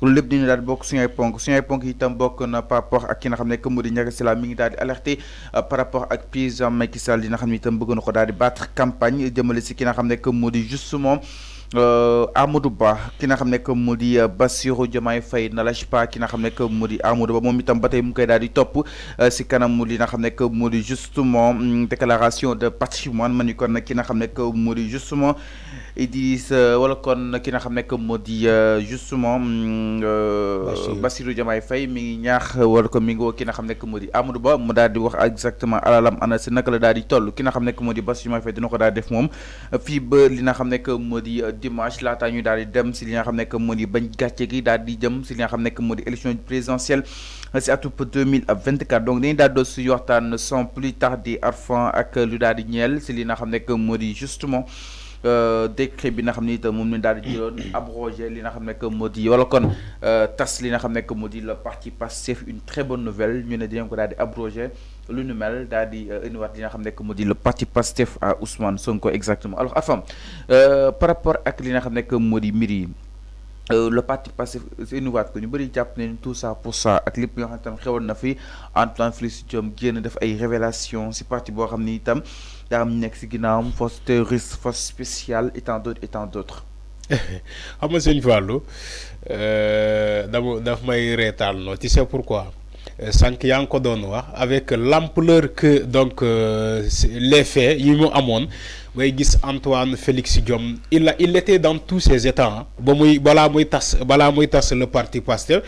loolu lépp dañu daal di bokk suñu ponk suñu ponk itam bok na par rapport ak ki nga xamne ne mu ñaga Ndiaga mi ngi daal alerter euh, par rapport ak président Macky Sall li nga xam itam bëgg ko daal di battre campagne jëmale ci ki nga xamne ne mu di justement Euh, Amadou Ba ki nga xam ne que mu di euh, Bassirou Diomaye Faye na lâche pas ki nga xam ne que mu di Amadou Ba moom itam ba tey mu koy daal di topp euh, si kanam li nga xam ne que mu di justement mm, déclaration de patrimoine man ñu kon ki nga xam ne que mu di justement Idriss wala kon ki nga xam ne que mu di justement mm, Bassirou Diomaye Faye mi ngi ñaax wala ko mi ngi woo ki na xam ne que mu di Amadou Ba mu daal di wax exactement alalam ana si naka la daal di toll ki nga xam ne que mu di Bassirou Diomaye dina ko daal def moom fii ba li nga xam ne que dimanche la ñu daal di dem si li nga xam nekk moo bañ s'il gi daal di jëm si li nga xam nekk élection présidentielle ci 2024 donc les do su ne sans plus tarder arfan ak lu daal di ñël si li nga xam nekk justement euh, décret bi nga xamni ne itam moom ñu di jëloon abrogé li nga xam ne que moo wala kon euh, tas li nga xam ne que moo le parti Pastef une très bonne nouvelle ñu ne dinañ ko daal di abrogé lu ñu mel daal di euh, wat li nga xam ne que moo le parti Pastef à Ousmane Sonko exactement alors afam par rapport ak li nga xam ne que moo di euh, le parti passif Seynouwat nous ñu bëri jàpp tout ça pour ça ak lépp yoo xam ne on a na fi Antoine Félix Diome génn def ay révélation si parti boo xam tam itam daa nekk force terroriste force spéciale et tant d'autres et tant d'autres xam nga sëñ Fallou euh, dama daf may reetaan loo tu sais pourquoi euh, sànq qu'il ngi ko doon wax avec l'ampleur que donc l'effet faits yi ngay gis Antoine Félix Diom il il était dans tous ses états hein. ba muy balaa muy tas le parti Pastef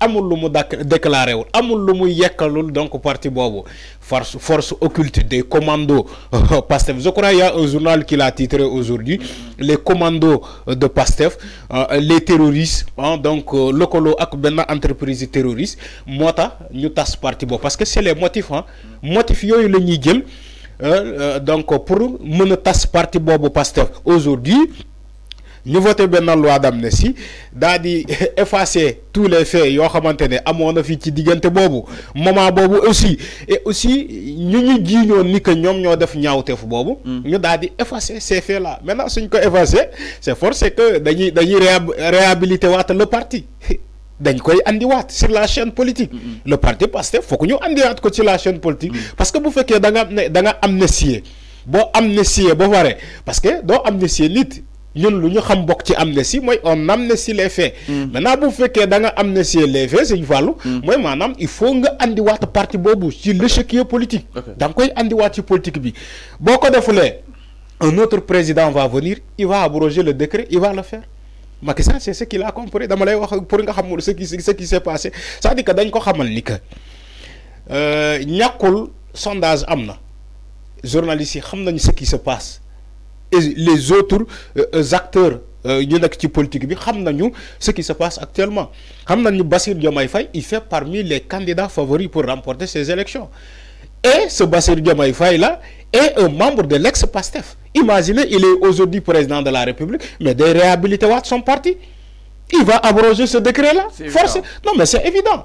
amul lu mu déclaré wul amul lu mu yekkalul donc parti bobu force force occulte des commandos euh, Pastef je crois il y a un journal qui l'a titré aujourd'hui les commandos de Pastef euh, les terroristes hein, donc colo euh, ak ben entreprise terroriste mota ñu tas parti bobu parce que c'est les motifs hein motifs yoyu lañuy euh, euh, donc pour mën tasse tas parti pasteur pasteur aujourd'hui nous voté loi d'amnésie dadi effacer tous les faits yo xamantene amono fi ci bobu maman bobu aussi et aussi ñu ñu giño ni que ñom ñoo def bobu hmm. ñu effacer ces faits là maintenant suñ ko effacer c'est forcé que réhabiliter le parti. dañ koy wat sur la chaîne politique. le parti faut foog ñu andiwaat ko ci la chaîne politique. Mm. parce que vous faites da nga ne da nga amnistier bon voilà parce que dans amnistier nit. ñun lu ñu xam bokk ci amnistie on amnésie les faits. Mm. maintenant bu faites da nga amnistier les faits Sëñ Fallou. Mm. moi maanaam il faut nga wat parti sur ci l'échiquier politique. da nga koy wat ci politique bi. boo ko un autre président va venir il va abroger le décret il va le faire. Macky Sall c'est ce qu'il a compris dama lay wax pour nga ce qui ce qui s'est passé ça à dire que dañ ko xamal ni que euh, ñakul sondage amna journalistes yi xam ce qui se passe et les autres euh, acteurs euh, ñu nak ci politique bi xam ce qui se passe actuellement xam nañu Bassirou Diomaye Faye il fait parmi les candidats favoris pour remporter ces élections et ce Bassir Diomaye là est un membre de l'ex-PASTEF. Imaginez, il est aujourd'hui président de la République, mais des réhabiliter son parti. Il va abroger ce décret-là. Force. Non, mais c'est évident.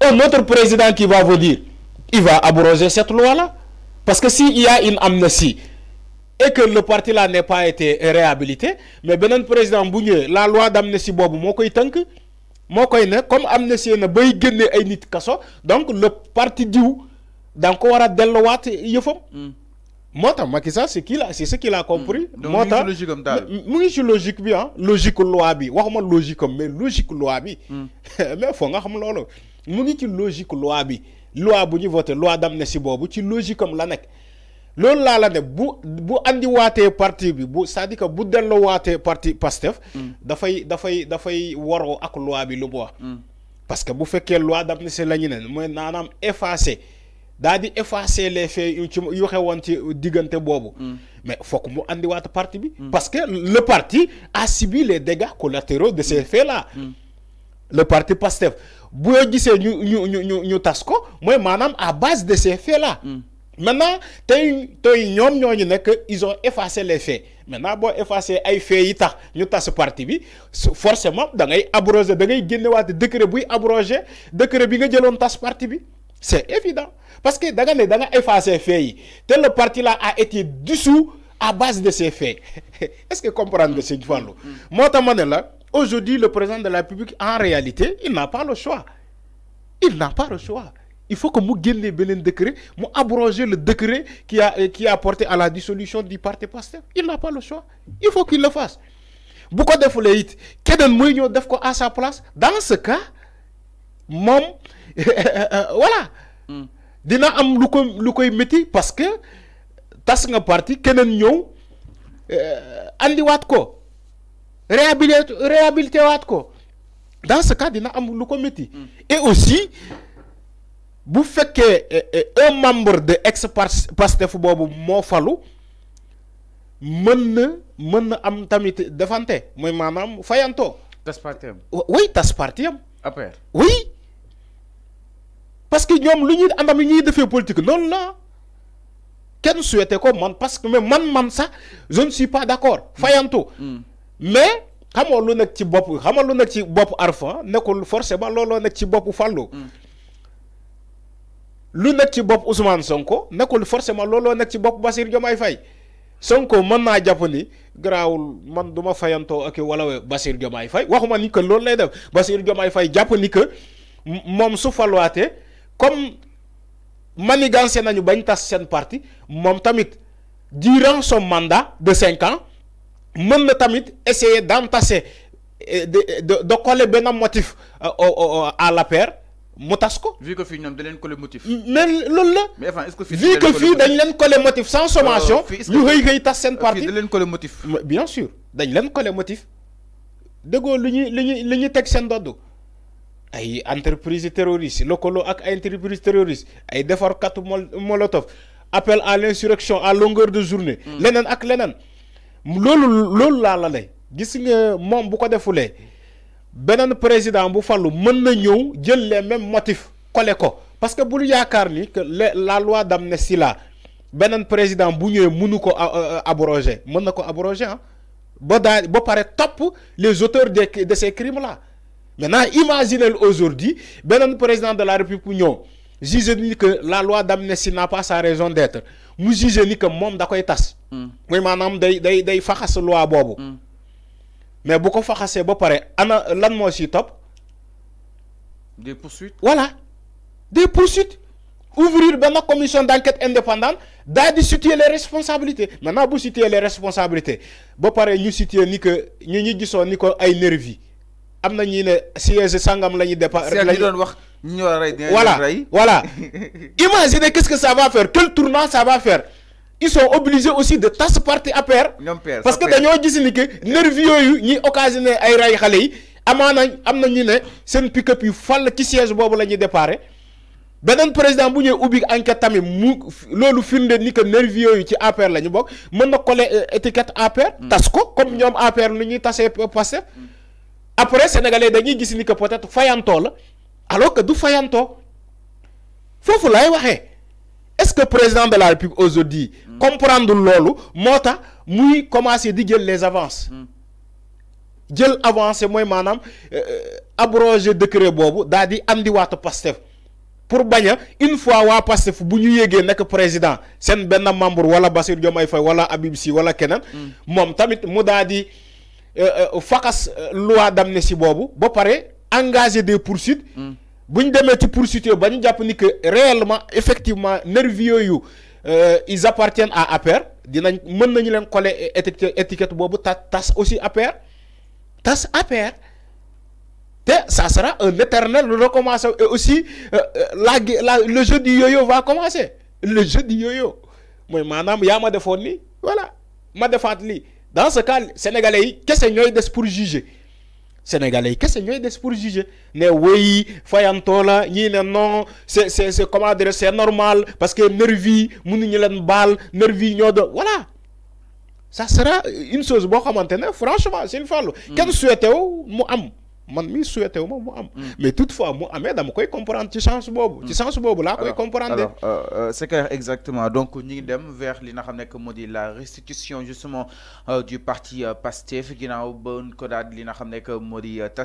Un autre président qui va vous dire, il va abroger cette loi-là. Parce que s'il y a une amnistie, et que le parti là n'ait pas été réhabilité, mais le président Bougne, la loi d'amnistie Bobo Moko, moo koy ne comme amnistie na bay génnee ay nit kasso donc le parti diou da wara ko wat yeufam motam yëfam. Hmm. moo Macky Sall c'est qui là c'est ce qu'il a compris. Hmm. moo tax mu ngi ci logique bi hein logique loi bi waxuma logique comme mais logique loi bi. Hmm. mais fo nga xam lolo mu ci logique loi bi loi bu ñu voté loi d'amnistie bobu ci logique comme la nek loolu laa la def bu bu andi waatee parti bi bu c'est-à-dire que bu delloo waatee parti Pastef mm. dafay dafay dafay waroo ak loi bi lu mu wax mm. parce que bu fekkee loi d'amnistie la ñu ne mooy naanaam effacer daal di effacer les faits yu ci yu xewoon ci diggante boobu mm. mais fokk mu andi waat parti bi parce que le parti a subi les dégâts collatéraux de ces faits là le parti Pastef boo gisee ñu ñu ñu ñu tas ko mooy maanaam à base de ces faits là maintenant tey ils ont effacé les faits maintenant on effacer les faits yi tax ñu ce parti forcément da ngay abrogé da ngay génnewaate décret buy abrogé décret bi nga tas parti c'est évident parce que da nga ne da nga faits yi le parti là a été dessous à base de ces faits est-ce que comprendre comprenez M. Fallou aujourd'hui le président de la République en réalité il n'a pas le choix il n'a pas le choix il faut que mu génne beneen décret mu abroger le décret qui a qui a porté à la dissolution du parti Pasteur. il n'a pas le choix il faut qu'il le fasse beaucoup de defulee it keneen mooy à sa place dans ce cas mom, voilà. Hmm. dina am lu ko koy parce que tas nga parti keneen ñëw euh, andiwaat ko réhabilité réhabiliter watko. dans ce cas dina am lu ko hmm. et aussi bu fekkee eh, eh, un membre de ex Pastef boobu moo falu mën na mën na am tamit defante mooy maanaam fayantoo. tas parti oui tas parti après oui parce que ñoom lu ñuy andam yi ñuy defee politique non la kenn souhaité ko man parce que mais man man sax je ne suis pas d'accord mm. fayantoo. Mm. mais xamoo lu nekk ci bopp xamoo lu nekk ci bopp Arfan nekkul forcément looloo nekk ci bopp fallu mm lu nekk ci bop Ousmane Sonko nekul forcément qui ci bop Basir Diomaye Fay Sonko en man duma fayanto ak wala Basir Diomaye Fay waxuma ni que lay def comme nañu bañ parti mom tamit durant son mandat de 5 ans na tamit essayer d'entasser de de coller benn motif euh, à la paire Motasco, vu que fii dañ leen coller motif. Mm, mais la. enfin ce que vu que c'est dañ leen coller motif sans sommation. ñu euh, parti bien sûr dañ leen coller motif dego luñu luñu luñu tek sen ay entreprise terroriste terroristes, ak ay entreprise terroriste ay quatre molotov appel à l'insurrection à longueur de journée. Mm. lenen ak lenen la lay. gis nga mom bu benen président bu fallu mën na ñëw jël les mêmes motifs kole ko parce que bu ñu ni que la loi d'amnistie la benen président bu ñëwee mënu ko euh, euh, abroger mën na ko abroger ah ba ba les auteurs de de ces crimes là maintenant imaginez aujourd'hui benen président de la république ñëw juge ni que la loi d'amnistie n'a pas sa raison d'être mu juge ni que mom da koy tas. Hmm. oui manam day day day faxas loi boobu. Hmm mais bu ko fa xasee ba pare ana lan moo siy top des poursuites. voilà des poursuites ouvrir benn commission d'enquête indépendante D'aller situer les responsabilités maintenant vous situer les responsabilités ba pareil nous situer ni que ni ni disons ni ko ay nervi amna na ñuy siège sangam la départ. voilà voilà imaginez qu'est-ce que ça va faire quel tournant ça va faire ils sont obligés aussi de tasser parti à pair parce que dañu gis ni que vieux yooyu ñi occasionné ay ray xalé yi amana amna ñi né ne seen pick-up yu fall ci siège bobu la ñuy déparé président bu ou ubbi enquête tamit mu loolu firnde ni que nervieux yooyu ci APR lañu bok mëna mën coller euh, étiquette APR mm. tas ko comme ñom APR lu ñuy tasee passé. Mm. après sénégalais dañuy gis ni que peut-être fayanto alors que du fayanto fofu lay waxee est-ce que président de la République aujourd'hui mm. comprendre lolu Mota, muy commencer di jël les avances mm. jël avance moi maanaam euh, abroger décret bobu dadi andi que passer pour baña une fois wa Pastef buñu yégué yéegee président sen ben membre wala Bassirou Diomaye Faye wala Habib voilà wala keneen mom mm. tamit mu dit di euh, euh, faxas loi dit que ba paré engager des poursuites buñ démé ci poursuite bañu japp ni que réellement effectivement nervieux yu euh, ils appartiennent à APR dinañ mën nañu leen coller étiquette boobu tas aussi APR tas APR té ça sera un éternel recommencement et aussi euh, euh, la le jeu du yo-yo va commencer le jeu du yo-yo manam ya ma defone ni voilà ma defaat li dans ce cas sénégalais yi que ñoy dess pour juger sénégalais qu'est-ce kese ñooy des pour juger ne oui, fayantola ñi ñii ne non c'est c'est c'est comment dire c'est normal parce que nervi ñu leen bal nervi ñoo voilà ça sera une chose boo xamante ne franchement sin fàllu kenn mm. souhaité wu mu am man mi souhaité mo mo am. Mm. mais toutefois mu amee dama koy comprendre ci sens bobu ci sens bobu la koy comprendre. alors euh, euh, c'est clair exactement donc ñi ngi dem vers li nga xam nekk moo la restitution justement euh, du parti euh, Pastef ginaaw ba ko daal li nga xam nekk moo